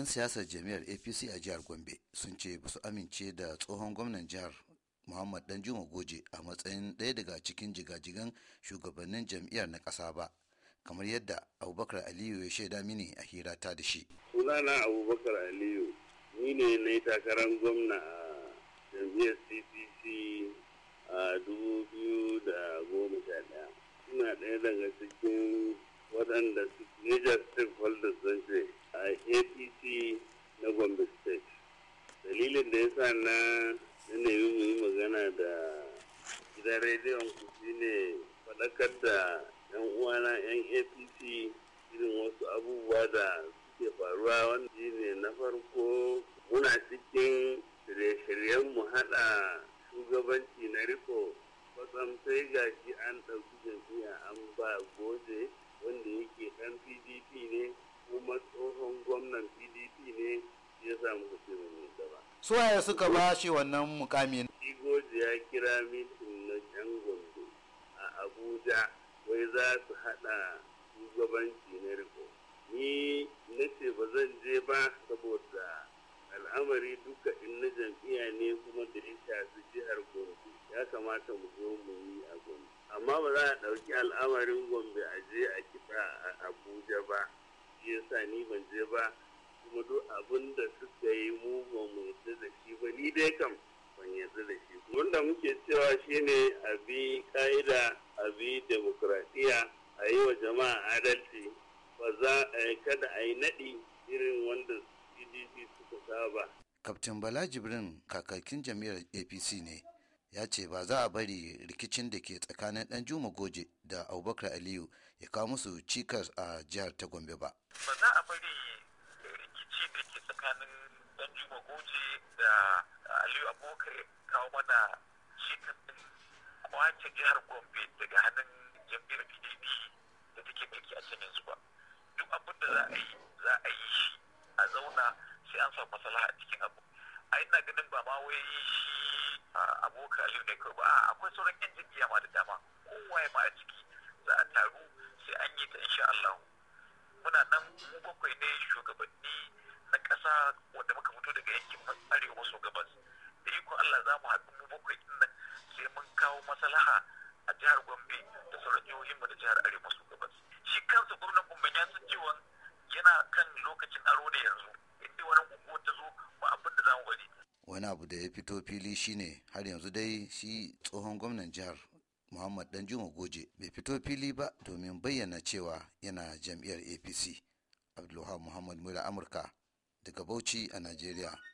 'yan siyasar jami'ar apc a jihar gombe sun ce basu amince da tsohon gwamnan jihar muhammad danjuma goje a matsayin ɗaya daga cikin jigajigan shugabannin jam'iyyar na kasa ba kamar yadda abubakar aliyu ya shaida mini a hira ta da shi sunana abubakar aliyu ni ne na takarar gwamna a jam'iyyar cpc a dubu biyu da goma sha daya ina ɗaya daga cikin waɗanda major na nemi mu yi magana da gidan rediyon ku ne faɗakar da 'yan uwana 'yan apc irin wasu abubuwa da suke faruwa wanda ne na farko muna cikin shirye-shiryen mu haɗa shugabanci na riko kwatsam sai gashi an ɗauki su waye suka ba shi wannan mukami Igoji ya kira mitin na yan gombe a Abuja wai za su haɗa shugabanci na riko. Ni na ce ba zan je ba saboda al'amari duka in na jam'iyya ne kuma da ya shafi jihar Gombe ya kamata mu zo mu yi a Gombe. Amma ba za a ɗauki al'amarin Gombe a je a bi ka'ida a bi demokuraɗiyya a yi wa jama'a adalci ba za a kada a yi naɗi irin wanda pdp suka saba. kaftin bala jibrin kakakin jami'ar apc ne ya ce ba za a bari rikicin da ke tsakanin dan juma goje da abubakar aliyu ya kawo musu cikas a jihar ta gombe ba ba za a bari rikici da ke tsakanin dan juma goje da aliyu abubakar kawo mana cikas kwace jihar gombe daga hannun jam'iyyar pdp da take mulki a can yanzu ba duk abin da za a yi za a yi shi a zauna sai an samu masalaha a cikin abu a ina ganin ba ma wai shi abokan aliyu ne kawai ba akwai sauran yan jam'iyya ma da dama kowaye ma a ciki za a taru sai an yi ta insha Allah muna nan mu bakwai ne shugabanni na ƙasa wanda muka fito daga yankin arewa maso gabas da ikon Allah za mu haɗu maslaha a jihar gombe da sauran jihohin mu da jihar arewa su gabas shi kansa gwamnan gombe ya san cewa yana kan lokacin aro da yanzu inda wani guguwa ta zo ba abin da zamu gani. wani abu da ya fito fili shine har yanzu dai shi tsohon gwamnan jihar muhammad danjuma goje bai fito fili ba domin bayyana cewa yana jam'iyyar apc abdulwahab muhammad mura amurka daga bauchi a najeriya